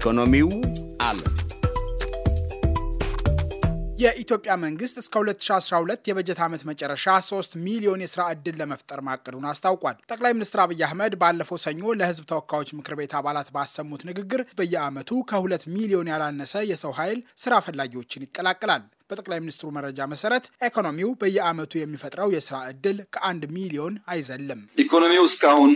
ኢኮኖሚው አለ። የኢትዮጵያ መንግስት እስከ 2012 የበጀት ዓመት መጨረሻ 3 ሚሊዮን የስራ ዕድል ለመፍጠር ማቀዱን አስታውቋል። ጠቅላይ ሚኒስትር አብይ አህመድ ባለፈው ሰኞ ለሕዝብ ተወካዮች ምክር ቤት አባላት ባሰሙት ንግግር በየዓመቱ ከ2 ሚሊዮን ያላነሰ የሰው ኃይል ስራ ፈላጊዎችን ይቀላቅላል። በጠቅላይ ሚኒስትሩ መረጃ መሰረት ኢኮኖሚው በየዓመቱ የሚፈጥረው የስራ ዕድል ከአንድ ሚሊዮን አይዘልም። ኢኮኖሚው እስካሁን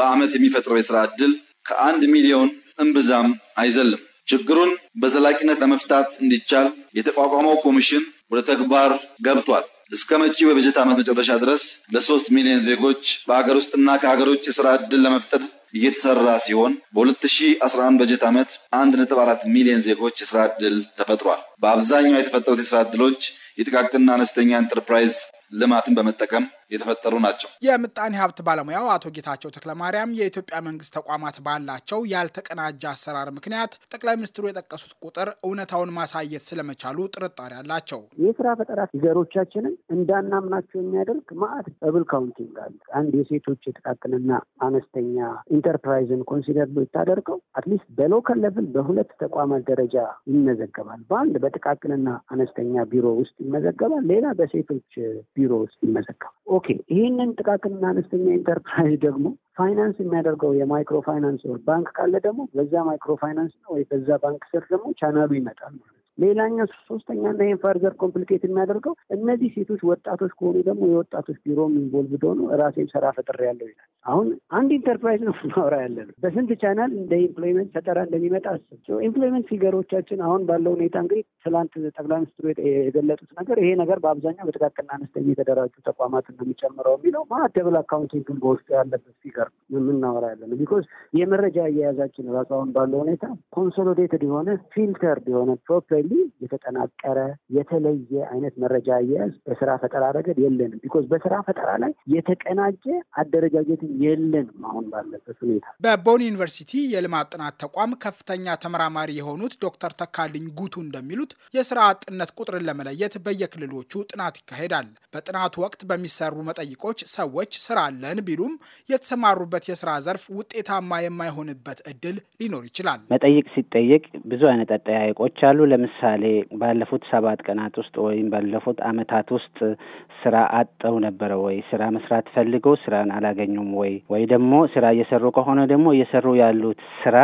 በዓመት የሚፈጥረው የሥራ ዕድል ከአንድ ሚሊዮን እምብዛም አይዘልም። ችግሩን በዘላቂነት ለመፍታት እንዲቻል የተቋቋመው ኮሚሽን ወደ ተግባር ገብቷል። እስከ መጪው የበጀት ዓመት መጨረሻ ድረስ ለሶስት ሚሊዮን ዜጎች በአገር ውስጥና ከሀገር ውጭ የስራ ዕድል ለመፍጠር እየተሰራ ሲሆን በ2011 በጀት ዓመት 1.4 ሚሊዮን ዜጎች የስራ ዕድል ተፈጥሯል። በአብዛኛው የተፈጠሩት የስራ ዕድሎች የጥቃቅንና አነስተኛ ኢንተርፕራይዝ ልማትን በመጠቀም የተፈጠሩ ናቸው። የምጣኔ ሀብት ባለሙያው አቶ ጌታቸው ተክለማርያም የኢትዮጵያ መንግስት ተቋማት ባላቸው ያልተቀናጀ አሰራር ምክንያት ጠቅላይ ሚኒስትሩ የጠቀሱት ቁጥር እውነታውን ማሳየት ስለመቻሉ ጥርጣሬ አላቸው። የስራ ፈጠራ ፊገሮቻችንን እንዳናምናቸው የሚያደርግ ማዕት እብል ካውንቲንግ አለ። አንድ የሴቶች የጥቃቅንና አነስተኛ ኢንተርፕራይዝን ኮንሲደር ብታደርገው አትሊስት በሎካል ሌቭል በሁለት ተቋማት ደረጃ ይመዘገባል። በአንድ በጥቃቅንና አነስተኛ ቢሮ ውስጥ ይመዘገባል፣ ሌላ በሴቶች ቢሮ ውስጥ ይመዘገባል። ኦኬ ይህንን ጥቃቅንና አነስተኛ ኢንተርፕራይዝ ደግሞ ፋይናንስ የሚያደርገው የማይክሮ ፋይናንስ ባንክ ካለ ደግሞ በዛ ማይክሮ ፋይናንስ ወይ በዛ ባንክ ስር ደግሞ ቻናሉ ይመጣል ማለት ሌላኛው ሶስተኛና ይህን ፈርዘር ኮምፕሊኬት የሚያደርገው እነዚህ ሴቶች ወጣቶች ከሆኑ ደግሞ የወጣቶች ቢሮም ኢንቮልቭድ ሆኖ ራሴም ስራ ፈጥር ያለው ይላል። አሁን አንድ ኢንተርፕራይዝ ነው ማውራ ያለ ነው። በስንት ቻናል እንደ ኢምፕሎይመንት ፈጠራ እንደሚመጣ አስብ። ኢምፕሎይመንት ፊገሮቻችን አሁን ባለው ሁኔታ እንግዲህ ትላንት ጠቅላይ ሚኒስትሩ የገለጡት ነገር ይሄ ነገር በአብዛኛው በጥቃቅና አነስተኛ የተደራጁ ተቋማት እንደሚጨምረው የሚለው ማደብል አካውንቲንግን በውስጡ ያለበት ፊገር የምናወራ ያለ ነው። ቢኮዝ የመረጃ አያያዛችን ራሱ አሁን ባለው ሁኔታ ኮንሶሊዴትድ የሆነ ፊልተር የሆነ ፕሮፕ ፕሮፐርሊ የተጠናቀረ የተለየ አይነት መረጃ አያያዝ በስራ ፈጠራ ረገድ የለንም። ቢኮዝ በስራ ፈጠራ ላይ የተቀናጀ አደረጃጀት የለንም አሁን ባለበት ሁኔታ። በቦን ዩኒቨርሲቲ የልማት ጥናት ተቋም ከፍተኛ ተመራማሪ የሆኑት ዶክተር ተካልኝ ጉቱ እንደሚሉት የስራ አጥነት ቁጥርን ለመለየት በየክልሎቹ ጥናት ይካሄዳል። በጥናቱ ወቅት በሚሰሩ መጠይቆች ሰዎች ስራ አለን ቢሉም የተሰማሩበት የስራ ዘርፍ ውጤታማ የማይሆንበት እድል ሊኖር ይችላል። መጠይቅ ሲጠየቅ ብዙ አይነት አጠያየቆች አሉ። ለምሳሌ ለምሳሌ ባለፉት ሰባት ቀናት ውስጥ ወይም ባለፉት አመታት ውስጥ ስራ አጠው ነበረ ወይ? ስራ መስራት ፈልገው ስራን አላገኙም ወይ? ወይ ደግሞ ስራ እየሰሩ ከሆነ ደግሞ እየሰሩ ያሉት ስራ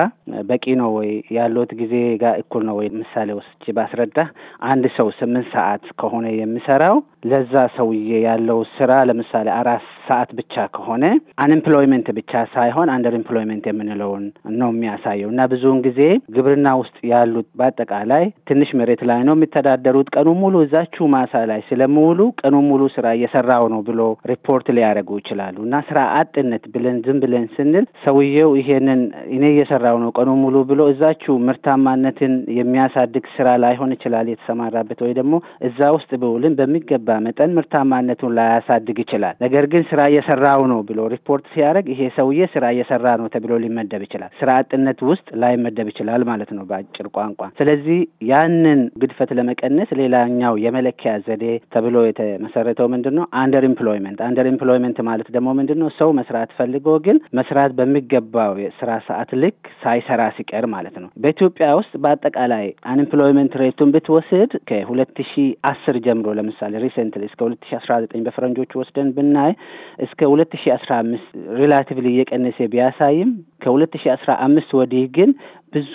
በቂ ነው ወይ? ያሉት ጊዜ ጋር እኩል ነው ወይ? ምሳሌ ውስጥ ባስረዳ አንድ ሰው ስምንት ሰዓት ከሆነ የሚሰራው ለዛ ሰውዬ ያለው ስራ ለምሳሌ አራት ሰዓት ብቻ ከሆነ አንኤምፕሎይመንት ብቻ ሳይሆን አንደር ኤምፕሎይመንት የምንለውን ነው የሚያሳየው እና ብዙውን ጊዜ ግብርና ውስጥ ያሉት በአጠቃላይ ትንሽ መሬት ላይ ነው የሚተዳደሩት። ቀኑ ሙሉ እዛችሁ ማሳ ላይ ስለምውሉ ቀኑ ሙሉ ስራ እየሰራው ነው ብሎ ሪፖርት ሊያደርጉ ይችላሉ እና ስራ አጥነት ብለን ዝም ብለን ስንል ሰውየው ይሄንን እኔ እየሰራው ነው ቀኑ ሙሉ ብሎ እዛችሁ ምርታማነትን የሚያሳድግ ስራ ላይሆን ይችላል የተሰማራበት ወይ ደግሞ እዛ ውስጥ ብውልን በሚገባ መጠን ምርታማነቱን ላያሳድግ ይችላል። ነገር ግን ስራ እየሰራው ነው ብሎ ሪፖርት ሲያደርግ ይሄ ሰውዬ ስራ እየሰራ ነው ተብሎ ሊመደብ ይችላል። ስራ አጥነት ውስጥ ላይመደብ ይችላል ማለት ነው በአጭር ቋንቋ። ስለዚህ ያንን ግድፈት ለመቀነስ ሌላኛው የመለኪያ ዘዴ ተብሎ የተመሰረተው ምንድን ነው? አንደር ኢምፕሎይመንት። አንደር ኢምፕሎይመንት ማለት ደግሞ ምንድን ነው? ሰው መስራት ፈልጎ ግን መስራት በሚገባው የስራ ሰዓት ልክ ሳይሰራ ሲቀር ማለት ነው። በኢትዮጵያ ውስጥ በአጠቃላይ አንኤምፕሎይመንት ሬቱን ብትወስድ ከሁለት ሺ አስር ጀምሮ ለምሳሌ ሪሰንትሊ እስከ ሁለት ሺ አስራ ዘጠኝ በፈረንጆች ወስደን ብናይ እስከ ሁለት ሺ አስራ አምስት ሪላቲቭሊ እየቀነሰ ቢያሳይም ከሁለት ሺ አስራ አምስት ወዲህ ግን ብዙ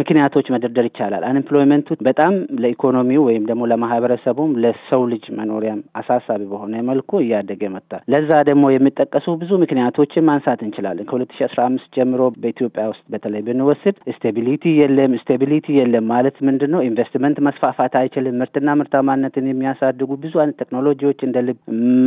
ምክንያቶች መደርደር ይቻላል። አንኤምፕሎይመንቱ በጣም ለኢኮኖሚው ወይም ደግሞ ለማህበረሰቡም ለሰው ልጅ መኖሪያም አሳሳቢ በሆነ መልኩ እያደገ መጥቷል። ለዛ ደግሞ የሚጠቀሱ ብዙ ምክንያቶችን ማንሳት እንችላለን። ከሁለት ሺ አስራ አምስት ጀምሮ በኢትዮጵያ ውስጥ በተለይ ብንወስድ ስቴቢሊቲ የለም። ስቴቢሊቲ የለም ማለት ምንድን ነው? ኢንቨስትመንት መስፋፋት አይችልም። ምርትና ምርታማነትን የሚያሳድጉ ብዙ አይነት ቴክኖሎጂዎች እንደ ልብ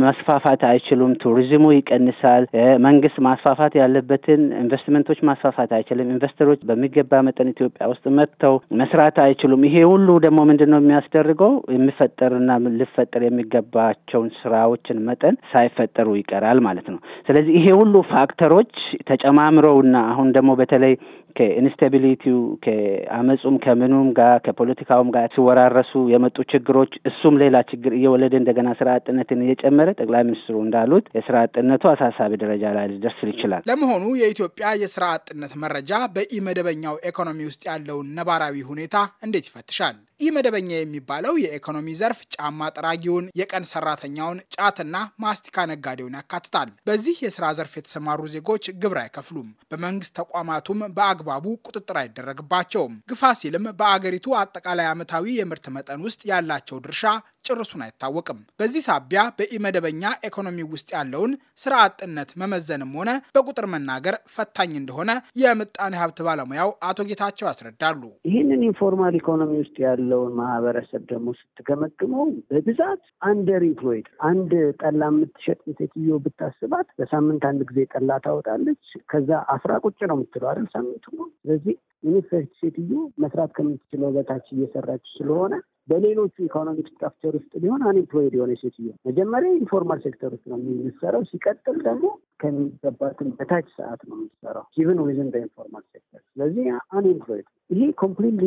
መስፋፋት አይችሉም። ቱሪዝሙ ይቀንሳል። መንግስት ማስፋፋት ያለበትን ኢንቨስትመንቶች ማስፋፋት አይችልም። ኢንቨስተሮች ችግሮች በሚገባ መጠን ኢትዮጵያ ውስጥ መጥተው መስራት አይችሉም። ይሄ ሁሉ ደግሞ ምንድን ነው የሚያስደርገው? የሚፈጠርና ልፈጠር የሚገባቸውን ስራዎችን መጠን ሳይፈጠሩ ይቀራል ማለት ነው። ስለዚህ ይሄ ሁሉ ፋክተሮች ተጨማምረውና አሁን ደግሞ በተለይ ከኢንስታቢሊቲው ከአመፁም ከምኑም ጋር ከፖለቲካውም ጋር ሲወራረሱ የመጡ ችግሮች እሱም ሌላ ችግር እየወለደ እንደገና ስራ አጥነትን እየጨመረ ጠቅላይ ሚኒስትሩ እንዳሉት የስራ አጥነቱ አሳሳቢ ደረጃ ላይ ሊደርስ ይችላል። ለመሆኑ የኢትዮጵያ የስራ አጥነት መረጃ በኢመደበኛው ኢኮኖሚ ውስጥ ያለውን ነባራዊ ሁኔታ እንዴት ይፈትሻል? ይህ መደበኛ የሚባለው የኢኮኖሚ ዘርፍ ጫማ ጠራጊውን፣ የቀን ሰራተኛውን፣ ጫትና ማስቲካ ነጋዴውን ያካትታል። በዚህ የስራ ዘርፍ የተሰማሩ ዜጎች ግብር አይከፍሉም። በመንግስት ተቋማቱም በአግባቡ ቁጥጥር አይደረግባቸውም። ግፋ ሲልም በአገሪቱ አጠቃላይ ዓመታዊ የምርት መጠን ውስጥ ያላቸው ድርሻ ጭርሱን አይታወቅም። በዚህ ሳቢያ በኢመደበኛ ኢኮኖሚ ውስጥ ያለውን ስራ አጥነት መመዘንም ሆነ በቁጥር መናገር ፈታኝ እንደሆነ የምጣኔ ሀብት ባለሙያው አቶ ጌታቸው ያስረዳሉ። ይህንን ኢንፎርማል ኢኮኖሚ ውስጥ ያለውን ማህበረሰብ ደግሞ ስትገመግመው በብዛት አንደር ኢምፕሎይድ። አንድ ጠላ የምትሸጥ ሴትዮ ብታስባት በሳምንት አንድ ጊዜ ጠላ ታወጣለች። ከዛ አስራ ቁጭ ነው የምትለው አይደል? ሳምንት ስለዚህ ዩኒቨርስቲ ሴትዮ መስራት ከምትችለው በታች እየሰራች ስለሆነ በሌሎቹ ኢኮኖሚክ ስትራክቸር ውስጥ ቢሆን አንኤምፕሎይድ የሆነ ሴትዮ መጀመሪያ ኢንፎርማል ሴክተር ውስጥ ነው የሚሰራው። ሲቀጥል ደግሞ ከሚገባትን በታች ሰዓት ነው የሚሰራው ኢቭን ዊዝን በኢንፎርማል ሴክተር። ስለዚህ አንኤምፕሎይድ ይሄ ኮምፕሊትሊ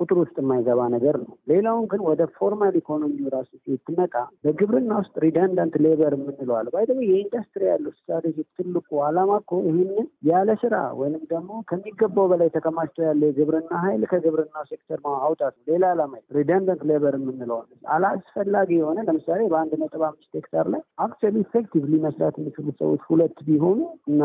ቁጥር ውስጥ የማይገባ ነገር ነው። ሌላውን ግን ወደ ፎርማል ኢኮኖሚ ራሱ ስትመጣ በግብርና ውስጥ ሪዳንዳንት ሌበር የምንለዋል ባይ ደግሞ የኢንዱስትሪ ያለው ስትራቴጂ ትልቁ አላማ እኮ ይህንን ያለ ስራ ወይንም ደግሞ ከሚገባው በላይ ተከማ እየተሰማራቸው ያለ የግብርና ኃይል ከግብርና ሴክተር ማውጣት ሌላ ዓላማ ሪደንደንት ሌበር የምንለው አላስፈላጊ የሆነ ለምሳሌ በአንድ ነጥብ አምስት ሄክታር ላይ አክቹዋሊ ኢፌክቲቭሊ መስራት የሚችሉት ሰዎች ሁለት ቢሆኑ እና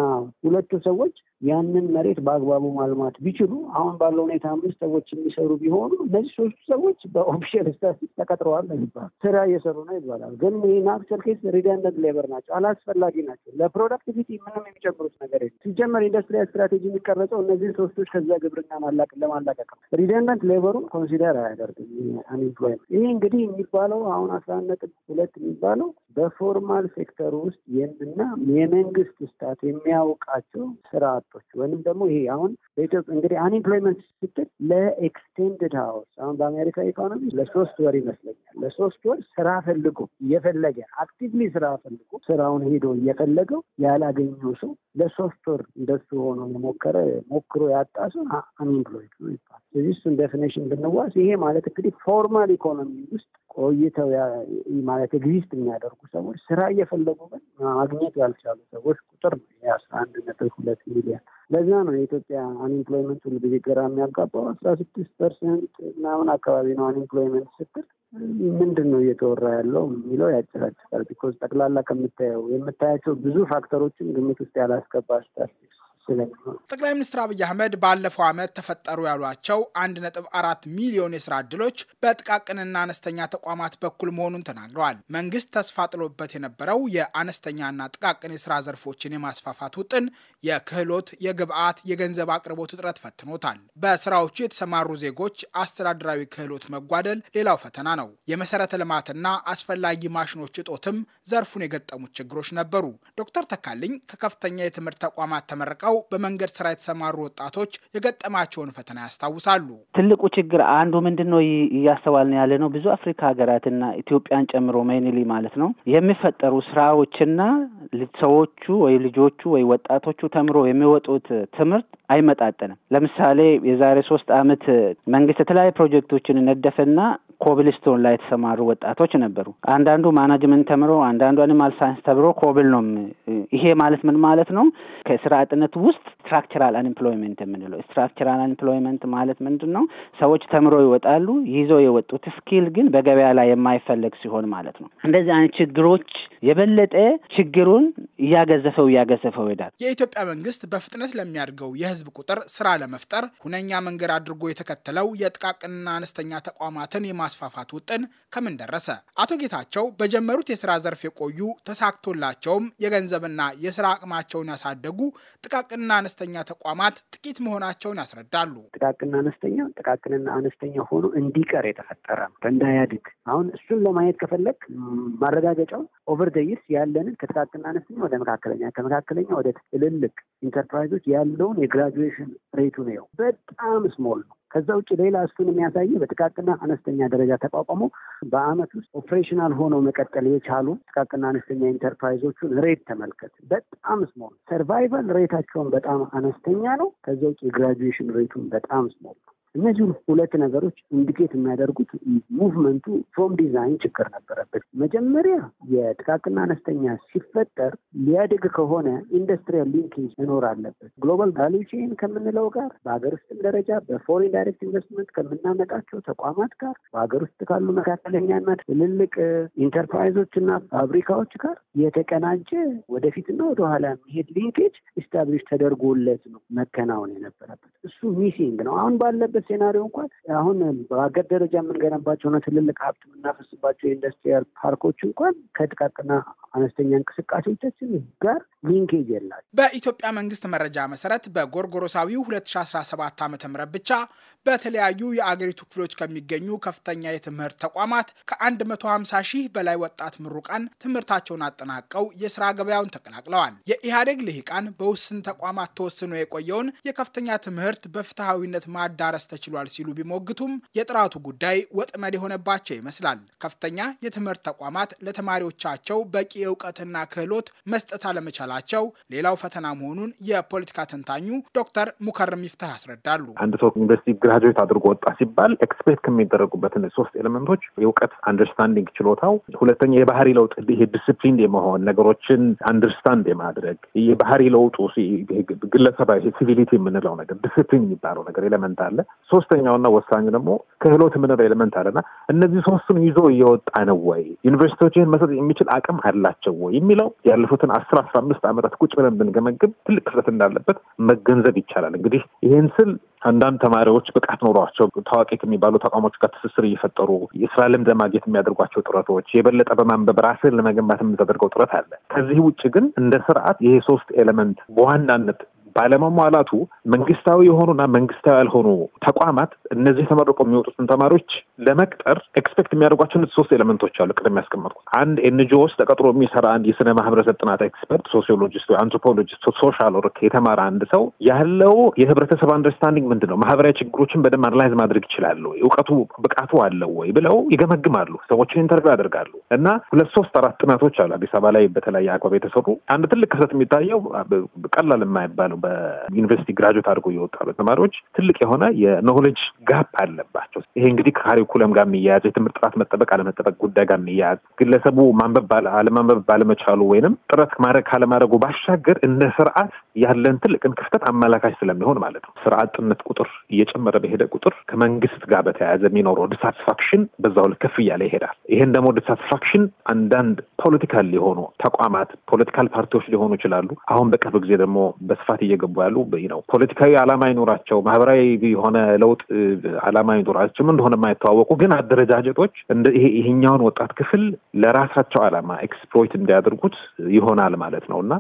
ሁለቱ ሰዎች ያንን መሬት በአግባቡ ማልማት ቢችሉ አሁን ባለው ሁኔታ አምስት ሰዎች የሚሰሩ ቢሆኑ እነዚህ ሶስቱ ሰዎች በኦፊሻል ስታትስቲክስ ተቀጥረዋል ነው ይባላል። ስራ እየሰሩ ነው ይባላል። ግን ይህን አክቸር ኬስ ሪደንደንት ሌበር ናቸው፣ አላስፈላጊ ናቸው። ለፕሮዳክቲቪቲ ምንም የሚጨምሩት ነገር የለም። ሲጀመር ኢንዱስትሪያል ስትራቴጂ የሚቀረጸው እነዚህን ሶስቶች ከዛ ግብርናን ለማላቀቅ ነው። ሪደንደንት ሌበሩን ኮንሲደር አያደርግም። አንኤምፕሎይመንት ይህ እንግዲህ የሚባለው አሁን አስራ አንድ ነጥብ ሁለት የሚባለው በፎርማል ሴክተር ውስጥ የምና የመንግስት ስታት የሚያውቃቸው ስራ አጦች ወይም ደግሞ ይሄ አሁን በኢትዮጵያ እንግዲህ አንኤምፕሎይመንት ስትል ለኤክስቴንድድ ሀውስ አሁን በአሜሪካ ኢኮኖሚ ለሶስት ወር ይመስለኛል ለሶስት ወር ስራ ፈልጎ እየፈለገ አክቲቭሊ ስራ ፈልጎ ስራውን ሄዶ እየፈለገው ያላገኘው ሰው ለሶስት ወር እንደሱ ሆኖ የሞከረ ሞክሮ ያጣ ሰው አንኤምፕሎይድ ነው ይባል። ስለዚህ እሱን ዴፊኔሽን ብንዋስ ይሄ ማለት እንግዲህ ፎርማል ኢኮኖሚ ውስጥ ቆይተው ማለት ኤግዚስት የሚያደርጉ ሰዎች ስራ እየፈለጉ ግን ማግኘት ያልቻሉ ሰዎች ቁጥር ነው ይሄ አንድ ነጥብ ሁለት ሚሊዮን። ለዛ ነው የኢትዮጵያ አንኤምፕሎይመንት ሁሉ ጊዜ ግራ የሚያጋባው አስራ ስድስት ፐርሰንት ምናምን አካባቢ ነው አንኤምፕሎይመንት ስትል ምንድን ነው እየተወራ ያለው የሚለው ያጨላጭቃል። ቢኮዝ ጠቅላላ ከምታየው የምታያቸው ብዙ ፋክተሮችን ግምት ውስጥ ያላስገባ ስታስቲክስ ጠቅላይ ሚኒስትር አብይ አህመድ ባለፈው ዓመት ተፈጠሩ ያሏቸው አንድ ነጥብ አራት ሚሊዮን የስራ ዕድሎች በጥቃቅንና አነስተኛ ተቋማት በኩል መሆኑን ተናግረዋል። መንግስት ተስፋ ጥሎበት የነበረው የአነስተኛና ጥቃቅን የስራ ዘርፎችን የማስፋፋት ውጥን የክህሎት፣ የግብአት፣ የገንዘብ አቅርቦት እጥረት ፈትኖታል። በስራዎቹ የተሰማሩ ዜጎች አስተዳደራዊ ክህሎት መጓደል ሌላው ፈተና ነው። የመሰረተ ልማትና አስፈላጊ ማሽኖች እጦትም ዘርፉን የገጠሙት ችግሮች ነበሩ። ዶክተር ተካልኝ ከከፍተኛ የትምህርት ተቋማት ተመርቀው ወጥተው በመንገድ ስራ የተሰማሩ ወጣቶች የገጠማቸውን ፈተና ያስታውሳሉ። ትልቁ ችግር አንዱ ምንድን ነው እያስተዋልን ያለ ነው። ብዙ አፍሪካ ሀገራትና ኢትዮጵያን ጨምሮ ሜይንሊ ማለት ነው የሚፈጠሩ ስራዎችና ሰዎቹ ወይ ልጆቹ ወይ ወጣቶቹ ተምሮ የሚወጡት ትምህርት አይመጣጠንም። ለምሳሌ የዛሬ ሶስት አመት መንግስት የተለያዩ ፕሮጀክቶችን ነደፈና ኮብልስቶን ላይ የተሰማሩ ወጣቶች ነበሩ። አንዳንዱ ማናጅመንት ተምሮ፣ አንዳንዱ አኒማል ሳይንስ ተምሮ ኮብል ነው። ይሄ ማለት ምን ማለት ነው? ከስራ አጥነት ውስጥ ስትራክቸራል አንኤምፕሎይመንት የምንለው ስትራክቸራል አንኤምፕሎይመንት ማለት ምንድን ነው? ሰዎች ተምሮ ይወጣሉ። ይዘው የወጡት ስኪል ግን በገበያ ላይ የማይፈለግ ሲሆን ማለት ነው። እንደዚህ አይነት ችግሮች የበለጠ ችግሩን እያገዘፈው እያገዘፈው ይሄዳል። የኢትዮጵያ መንግስት በፍጥነት ለሚያድገው የህዝብ ቁጥር ስራ ለመፍጠር ሁነኛ መንገድ አድርጎ የተከተለው የጥቃቅንና አነስተኛ ተቋማትን የማስፋፋት ውጥን ከምን ደረሰ? አቶ ጌታቸው በጀመሩት የስራ ዘርፍ የቆዩ ተሳክቶላቸውም የገንዘብና የስራ አቅማቸውን ያሳደጉ ጥቃቅንና አነስተኛ ተቋማት ጥቂት መሆናቸውን ያስረዳሉ። ጥቃቅንና አነስተኛ ጥቃቅንና አነስተኛ ሆኖ እንዲቀር የተፈጠረ ነው እንዳያድግ። አሁን እሱን ለማየት ከፈለግ ማረጋገጫው ኦቨር በርገይስ ያለንን ከጥቃቅንና አነስተኛ ወደ መካከለኛ ከመካከለኛ ወደ ትልልቅ ኢንተርፕራይዞች ያለውን የግራጁዌሽን ሬቱ ነው። በጣም ስሞል ነው። ከዛ ውጭ ሌላ እሱን የሚያሳየ በጥቃቅና አነስተኛ ደረጃ ተቋቁሞ በአመት ውስጥ ኦፕሬሽናል ሆነው መቀጠል የቻሉ ጥቃቅና አነስተኛ ኢንተርፕራይዞቹን ሬት ተመልከት። በጣም ስሞል ሰርቫይቫል ሬታቸውን በጣም አነስተኛ ነው። ከዛ ውጭ የግራጁዌሽን ሬቱን በጣም ስሞል ነው። እነዚህ ሁለት ነገሮች ኢንዲኬት የሚያደርጉት ሙቭመንቱ ፍሮም ዲዛይን ችግር ነበረበት። መጀመሪያ የጥቃቅና አነስተኛ ሲፈጠር ሊያድግ ከሆነ ኢንዱስትሪያል ሊንኬጅ መኖር አለበት። ግሎባል ቫሊዩ ቼን ከምንለው ጋር በሀገር ውስጥም ደረጃ በፎሬን ዳይሬክት ኢንቨስትመንት ከምናመጣቸው ተቋማት ጋር በሀገር ውስጥ ካሉ መካከለኛና ትልልቅ ኢንተርፕራይዞች እና ፋብሪካዎች ጋር የተቀናጀ ወደፊትና ወደኋላ የሚሄድ ሊንኬጅ ኢስታብሊሽ ተደርጎለት ነው መከናወን የነበረበት። እሱ ሚሲንግ ነው አሁን ባለበት ሴናሪዮ እንኳን አሁን በሀገር ደረጃ የምንገነባቸውና ትልልቅ ሀብት የምናፈስባቸው የኢንዱስትሪያል ፓርኮች እንኳን ከጥቃቅና አነስተኛ እንቅስቃሴዎቻችን ጋር ሊንኬጅ የላቸው። በኢትዮጵያ መንግስት መረጃ መሰረት በጎርጎሮሳዊው 2017 ዓ ም ብቻ በተለያዩ የአገሪቱ ክፍሎች ከሚገኙ ከፍተኛ የትምህርት ተቋማት ከ150 ሺህ በላይ ወጣት ምሩቃን ትምህርታቸውን አጠናቀው የስራ ገበያውን ተቀላቅለዋል። የኢህአዴግ ልሂቃን በውስን ተቋማት ተወስኖ የቆየውን የከፍተኛ ትምህርት በፍትሐዊነት ማዳረስ ተችሏል ሲሉ ቢሞግቱም የጥራቱ ጉዳይ ወጥመድ የሆነባቸው ይመስላል። ከፍተኛ የትምህርት ተቋማት ለተማሪዎቻቸው በቂ እውቀትና ክህሎት መስጠት አለመቻላቸው ሌላው ፈተና መሆኑን የፖለቲካ ተንታኙ ዶክተር ሙከርም ይፍትህ ያስረዳሉ። አንድ ሰው ዩኒቨርሲቲ ግራጁዌት አድርጎ ወጣ ሲባል ኤክስፔክት ከሚደረጉበት ሶስት ኤሌመንቶች የእውቀት አንደርስታንዲንግ ችሎታው፣ ሁለተኛ የባህሪ ለውጥ ይሄ ዲስፕሊን የመሆን ነገሮችን አንደርስታንድ የማድረግ የባህሪ ለውጡ ግለሰባዊ ሲቪሊቲ የምንለው ነገር ዲስፕሊን የሚባለው ነገር ኤሌመንት አለ። ሶስተኛውና ወሳኙ ደግሞ ክህሎት የምንለው ኤሌመንት አለና እነዚህ ሶስቱን ይዞ እየወጣ ነው ወይ ዩኒቨርሲቲዎች ይህን መሰጥ የሚችል አቅም አላቸው ወይ የሚለው ያለፉትን አስር አስራ አምስት ዓመታት ቁጭ ብለን ብንገመግብ ትልቅ ክፍተት እንዳለበት መገንዘብ ይቻላል። እንግዲህ ይህን ስል አንዳንድ ተማሪዎች ብቃት ኖሯቸው ታዋቂ ከሚባሉ ተቋሞች ጋር ትስስር እየፈጠሩ የስራ ልምድ ለማግኘት የሚያደርጓቸው ጥረቶች፣ የበለጠ በማንበብ ራስን ለመገንባት የምታደርገው ጥረት አለ። ከዚህ ውጭ ግን እንደ ስርዓት ይሄ ሶስት ኤሌመንት በዋናነት ባለመሟላቱ መንግስታዊ የሆኑና መንግስታዊ ያልሆኑ ተቋማት እነዚህ ተመርቆ የሚወጡትን ተማሪዎች ለመቅጠር ኤክስፔክት የሚያደርጓቸውን ሶስት ኤሌመንቶች አሉ። ቅድም ያስቀመጥኩት አንድ ኤንጂኦ ውስጥ ተቀጥሮ የሚሰራ አንድ የስነ ማህበረሰብ ጥናት ኤክስፐርት፣ ሶሲዮሎጂስት አንትሮፖሎጂስት፣ ሶሻል ወርክ የተማረ አንድ ሰው ያለው የህብረተሰብ አንደርስታንዲንግ ምንድን ነው፣ ማህበራዊ ችግሮችን በደንብ አናላይዝ ማድረግ ይችላሉ እውቀቱ ብቃቱ አለው ወይ ብለው ይገመግማሉ። ሰዎችን ኢንተርቪው ያደርጋሉ እና ሁለት ሶስት አራት ጥናቶች አሉ አዲስ አበባ ላይ በተለያየ አግባብ የተሰሩ አንድ ትልቅ ክፍተት የሚታየው ቀላል የማይባለው በዩኒቨርሲቲ ግራጁዌት አድርጎ የወጣ ተማሪዎች ትልቅ የሆነ የኖሌጅ ጋፕ አለባቸው። ይሄ እንግዲህ ከካሪኩለም ጋር የሚያያዝ የትምህርት ጥራት መጠበቅ አለመጠበቅ ጉዳይ ጋር የሚያያዝ ግለሰቡ ማንበብ አለማንበብ ባለመቻሉ ወይንም ጥረት ማድረግ ካለማድረጉ ባሻገር እንደ ስርዓት ያለን ትልቅን ክፍተት አመላካች ስለሚሆን ማለት ነው። ስራ አጥነት ቁጥር እየጨመረ በሄደ ቁጥር ከመንግስት ጋር በተያያዘ የሚኖረው ዲሳትስፋክሽን በዛው ልክ ከፍ እያለ ይሄዳል። ይሄን ደግሞ ዲሳትስፋክሽን አንዳንድ ፖለቲካል የሆኑ ተቋማት ፖለቲካል ፓርቲዎች ሊሆኑ ይችላሉ። አሁን በቅርብ ጊዜ ደግሞ በስፋት እየገቡ ያሉ ነው። ፖለቲካዊ ዓላማ ይኖራቸው ማህበራዊ የሆነ ለውጥ ዓላማ ይኖራቸው እንደሆነ የማይተዋወቁ ግን አደረጃጀቶች ይሄኛውን ወጣት ክፍል ለራሳቸው ዓላማ ኤክስፕሎይት እንዲያደርጉት ይሆናል ማለት ነው እና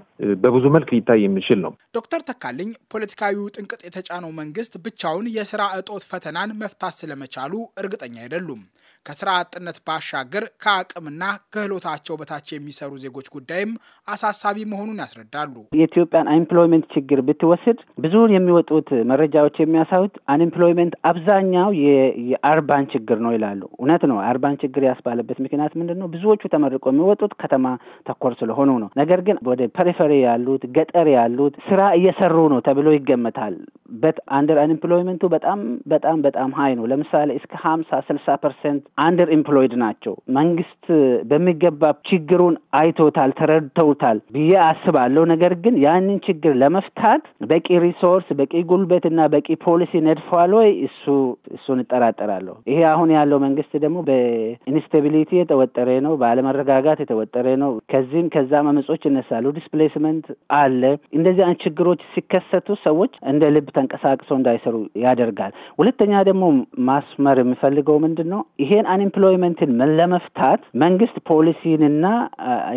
በብዙ መልክ ሊታይ የሚችል ነው። ዶክተር ተካልኝ ፖለቲካዊው ጥንቅጥ የተጫነው መንግስት ብቻውን የስራ እጦት ፈተናን መፍታት ስለመቻሉ እርግጠኛ አይደሉም። ከስራ አጥነት ባሻገር ከአቅምና ክህሎታቸው በታች የሚሰሩ ዜጎች ጉዳይም አሳሳቢ መሆኑን ያስረዳሉ። የኢትዮጵያን አንኤምፕሎይመንት ችግር ብትወስድ ብዙ የሚወጡት መረጃዎች የሚያሳዩት አንኤምፕሎይመንት አብዛኛው የአርባን ችግር ነው ይላሉ። እውነት ነው። አርባን ችግር ያስባለበት ምክንያት ምንድን ነው? ብዙዎቹ ተመርቆ የሚወጡት ከተማ ተኮር ስለሆኑ ነው። ነገር ግን ወደ ፐሪፈሪ ያሉት ገጠር ያሉት ስራ እየሰሩ ነው ተብሎ ይገመታል። በት አንደር አንኤምፕሎይመንቱ በጣም በጣም በጣም ሀይ ነው። ለምሳሌ እስከ ሀምሳ ስልሳ ፐርሰንት አንደር ኤምፕሎይድ ናቸው። መንግስት በሚገባ ችግሩን አይቶታል፣ ተረድተውታል ብዬ አስባለሁ። ነገር ግን ያንን ችግር ለመፍታት በቂ ሪሶርስ፣ በቂ ጉልበት እና በቂ ፖሊሲ ነድፏል ወይ እሱ እሱን እጠራጠራለሁ። ይሄ አሁን ያለው መንግስት ደግሞ በኢንስታቢሊቲ የተወጠረ ነው፣ በአለመረጋጋት የተወጠረ ነው። ከዚህም ከዛ መመጾች ይነሳሉ፣ ዲስፕሌስመንት አለ። እንደዚህ አይነት ችግሮች ሲከሰቱ ሰዎች እንደ ልብ ተንቀሳቅሰው እንዳይሰሩ ያደርጋል። ሁለተኛ ደግሞ ማስመር የምፈልገው ምንድን ነው ይሄ ይህን አንኤምፕሎይመንትን ለመፍታት መንግስት ፖሊሲንና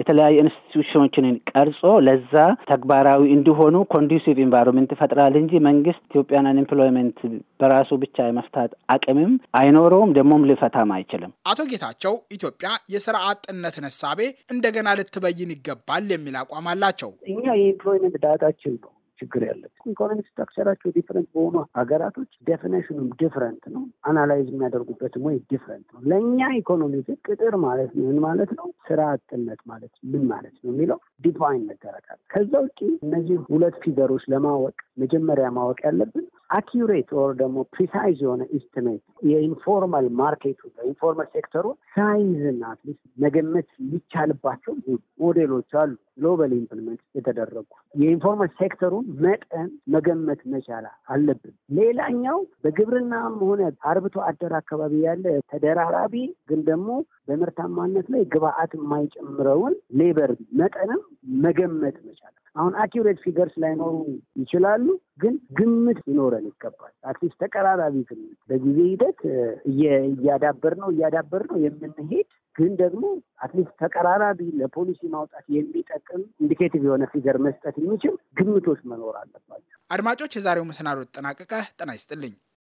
የተለያዩ ኢንስቲትዩሽኖችን ቀርጾ ለዛ ተግባራዊ እንዲሆኑ ኮንዱሲቭ ኤንቫይሮንመንት ይፈጥራል እንጂ መንግስት ኢትዮጵያን አንኤምፕሎይመንት በራሱ ብቻ የመፍታት አቅምም አይኖረውም፣ ደግሞም ልፈታም አይችልም። አቶ ጌታቸው ኢትዮጵያ የስራ አጥነት ነሳቤ እንደገና ልትበይን ይገባል የሚል አቋም አላቸው። እኛ የኤምፕሎይመንት ዳታችን ነው ችግር ያለች ኢኮኖሚ ስትራክቸራቸው ዲፍረንት በሆኑ ሀገራቶች ዴፊኔሽኑም ዲፍረንት ነው። አናላይዝ የሚያደርጉበትም ወይ ዲፍረንት ነው። ለእኛ ኢኮኖሚ ግን ቅጥር ማለት ምን ማለት ነው፣ ስራ አጥነት ማለት ምን ማለት ነው የሚለው ዲፋይን መደረጋል። ከዛ ውጭ እነዚህ ሁለት ፊገሮች ለማወቅ መጀመሪያ ማወቅ ያለብን አኪሬት ኦር ደግሞ ፕሪሳይዝ የሆነ ኢስቲሜት የኢንፎርማል ማርኬቱ ኢንፎርማል ሴክተሩ ሳይዝና አትሊስት መገመት የሚቻልባቸው ሞዴሎች አሉ። ግሎባል ኢምፕልመንት የተደረጉ የኢንፎርማል ሴክተሩ መጠን መገመት መቻል አለብን። ሌላኛው በግብርናም ሆነ አርብቶ አደር አካባቢ ያለ ተደራራቢ ግን ደግሞ በምርታማነት ላይ ግብአት የማይጨምረውን ሌበር መጠንም መገመት መቻል አሁን አኪሬት ፊገርስ ላይኖሩ ይችላሉ፣ ግን ግምት ሊኖረን ይገባል። አትሊስት ተቀራራቢ ግምት በጊዜ ሂደት እያዳበር ነው እያዳበር ነው የምንሄድ ግን ደግሞ አትሊስት ተቀራራቢ ለፖሊሲ ማውጣት የሚጠቅም ኢንዲኬቲቭ የሆነ ፊገር መስጠት የሚችል ግምቶች መኖር አለባቸው። አድማጮች፣ የዛሬው መሰናዶ ተጠናቀቀ። ጤና ይስጥልኝ።